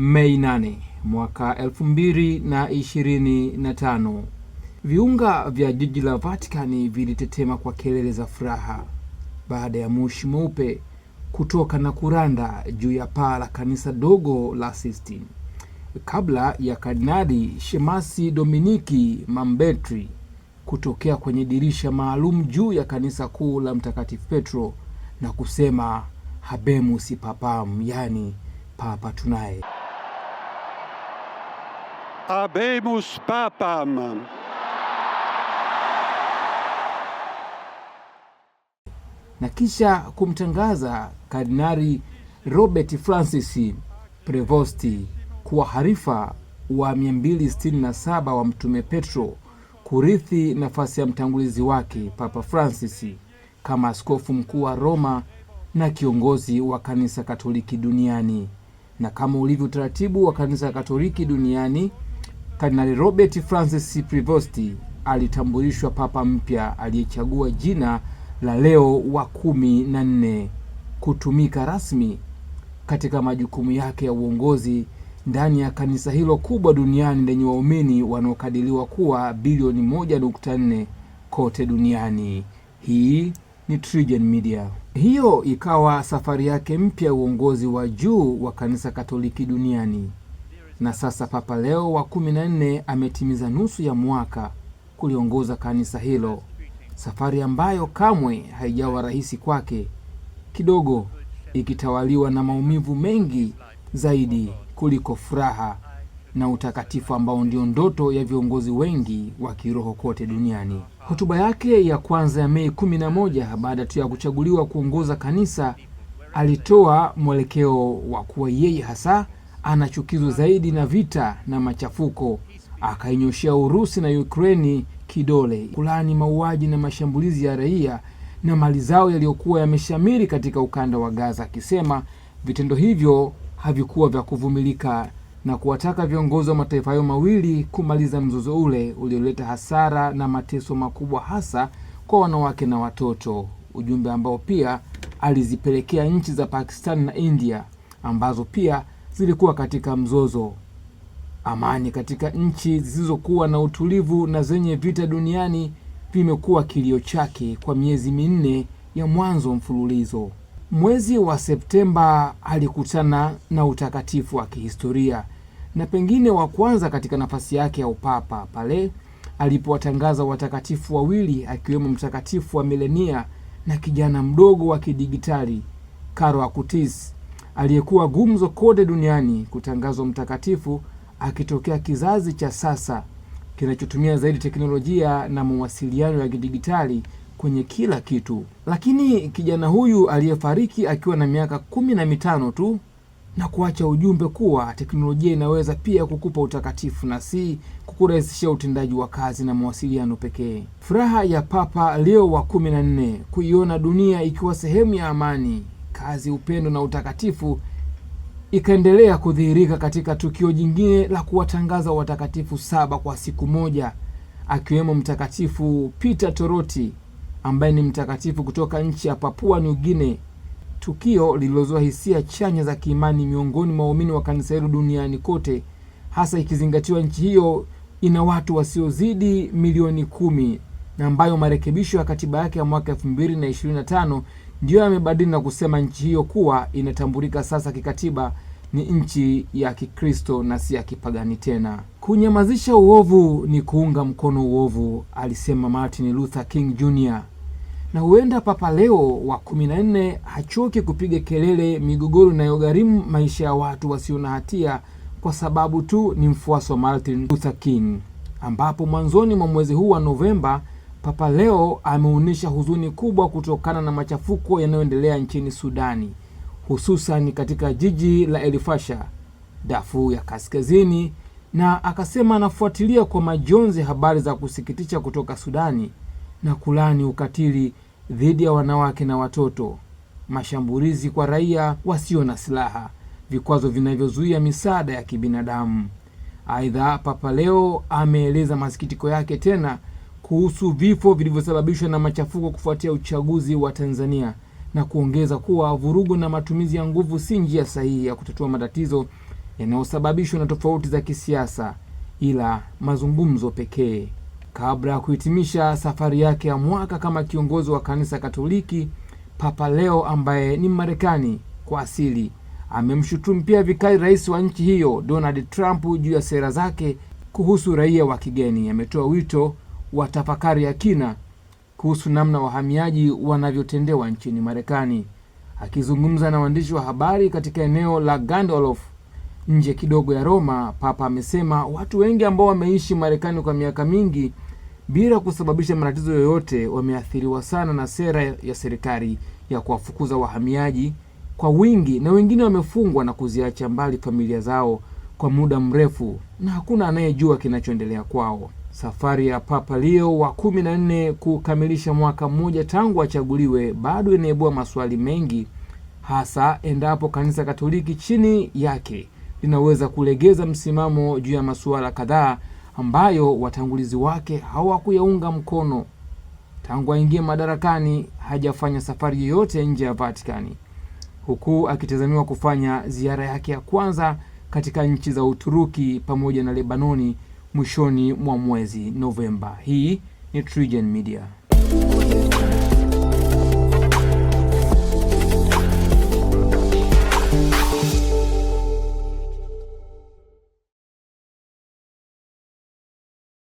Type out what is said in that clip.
Mei 8 mwaka 2025 viunga vya jiji la Vatikani vilitetema kwa kelele za furaha baada ya moshi mweupe kutoka na kuranda juu ya paa la kanisa dogo la Sistine kabla ya Kardinali Shemasi Dominiki Mambetri kutokea kwenye dirisha maalum juu ya kanisa kuu la Mtakatifu Petro na kusema habemus papam, yaani papa tunaye. Abemus Papam. Na kisha kumtangaza kardinari Robert Francis Prevosti kuwa harifa wa 267 wa Mtume Petro kurithi nafasi ya mtangulizi wake Papa Francis kama askofu mkuu wa Roma na kiongozi wa kanisa Katoliki duniani. Na kama ulivyo utaratibu wa kanisa Katoliki duniani Kardinali Robert Francis Prevost alitambulishwa papa mpya aliyechagua jina la Leo wa kumi na nne kutumika rasmi katika majukumu yake ya uongozi ndani ya kanisa hilo kubwa duniani lenye waumini wanaokadiriwa kuwa bilioni moja nukta nne kote duniani. Hii ni TriGen Media. Hiyo ikawa safari yake mpya ya uongozi wa juu wa kanisa Katoliki duniani na sasa Papa Leo wa kumi na nne ametimiza nusu ya mwaka kuliongoza kanisa hilo, safari ambayo kamwe haijawa rahisi kwake, kidogo ikitawaliwa na maumivu mengi zaidi kuliko furaha na utakatifu ambao ndio ndoto ya viongozi wengi wa kiroho kote duniani. Hotuba yake ya kwanza ya Mei kumi na moja baada tu ya kuchaguliwa kuongoza kanisa alitoa mwelekeo wa kuwa yeye hasa anachukizwa zaidi na vita na machafuko, akainyoshea Urusi na Ukraini kidole kulani mauaji na mashambulizi ya raia na mali zao yaliyokuwa yameshamiri katika ukanda wa Gaza, akisema vitendo hivyo havikuwa vya kuvumilika na kuwataka viongozi wa mataifa hayo mawili kumaliza mzozo ule ulioleta hasara na mateso makubwa hasa kwa wanawake na watoto, ujumbe ambao pia alizipelekea nchi za Pakistan na India ambazo pia zilikuwa katika mzozo. Amani katika nchi zisizokuwa na utulivu na zenye vita duniani vimekuwa kilio chake kwa miezi minne ya mwanzo mfululizo. Mwezi wa Septemba alikutana na utakatifu wa kihistoria na pengine wa kwanza katika nafasi yake ya upapa pale alipowatangaza watakatifu wawili akiwemo mtakatifu wa milenia na kijana mdogo wa kidigitali Karo Akutis aliyekuwa gumzo kote duniani kutangazwa mtakatifu, akitokea kizazi cha sasa kinachotumia zaidi teknolojia na mawasiliano ya kidigitali kwenye kila kitu. Lakini kijana huyu aliyefariki akiwa na miaka kumi na mitano tu na kuacha ujumbe kuwa teknolojia inaweza pia kukupa utakatifu na si kukurahisishia utendaji wa kazi na mawasiliano pekee. Furaha ya Papa Leo wa kumi na nne kuiona dunia ikiwa sehemu ya amani kazi, upendo na utakatifu ikaendelea kudhihirika katika tukio jingine la kuwatangaza watakatifu saba kwa siku moja, akiwemo Mtakatifu Peter Toroti ambaye ni mtakatifu kutoka nchi ya Papua New Guinea, tukio lililozua hisia chanya za kiimani miongoni mwa waumini wa kanisa hilo duniani kote, hasa ikizingatiwa nchi hiyo ina watu wasiozidi milioni kumi na ambayo marekebisho ya katiba yake ya mwaka elfu mbili na ishirini na tano ndiyo yamebadili na kusema nchi hiyo kuwa inatambulika sasa kikatiba ni nchi ya Kikristo na si ya kipagani tena. Kunyamazisha uovu ni kuunga mkono uovu, alisema Martin Luther King Jr. Na huenda Papa Leo wa kumi na nne hachoki kupiga kelele migogoro inayogharimu maisha ya watu wasio na hatia kwa sababu tu ni mfuasi wa Martin Luther King, ambapo mwanzoni mwa mwezi huu wa Novemba Papa leo ameonyesha huzuni kubwa kutokana na machafuko yanayoendelea nchini Sudani, hususan katika jiji la elifasha Darfur ya Kaskazini, na akasema anafuatilia kwa majonzi habari za kusikitisha kutoka Sudani na kulani ukatili dhidi ya wanawake na watoto, mashambulizi kwa raia wasio na silaha, vikwazo vinavyozuia misaada ya kibinadamu. Aidha, Papa leo ameeleza masikitiko yake tena kuhusu vifo vilivyosababishwa na machafuko kufuatia uchaguzi wa Tanzania na kuongeza kuwa vurugu na matumizi ya nguvu si njia sahihi ya kutatua matatizo yanayosababishwa na tofauti za kisiasa, ila mazungumzo pekee. Kabla ya kuhitimisha safari yake ya mwaka kama kiongozi wa kanisa Katoliki, Papa Leo ambaye ni Marekani kwa asili amemshutumu pia vikali rais wa nchi hiyo Donald Trump juu ya sera zake kuhusu raia wa kigeni. Ametoa wito watafakari ya kina kuhusu namna wahamiaji wanavyotendewa nchini Marekani. Akizungumza na waandishi wa habari katika eneo la Gandolf nje kidogo ya Roma, Papa amesema watu wengi ambao wameishi Marekani kwa miaka mingi bila kusababisha matatizo yoyote wameathiriwa sana na sera ya serikali ya kuwafukuza wahamiaji kwa wingi, na wengine wamefungwa na kuziacha mbali familia zao kwa muda mrefu, na hakuna anayejua kinachoendelea kwao. Safari ya Papa Leo wa kumi na nne kukamilisha mwaka mmoja tangu achaguliwe bado inaibua maswali mengi, hasa endapo Kanisa Katoliki chini yake linaweza kulegeza msimamo juu ya masuala kadhaa ambayo watangulizi wake hawakuyaunga mkono. Tangu aingie madarakani hajafanya safari yoyote nje ya Vatikani, huku akitazamiwa kufanya ziara yake ya kwanza katika nchi za Uturuki pamoja na Lebanoni mwishoni mwa mwezi Novemba. Hii ni TriGen Media.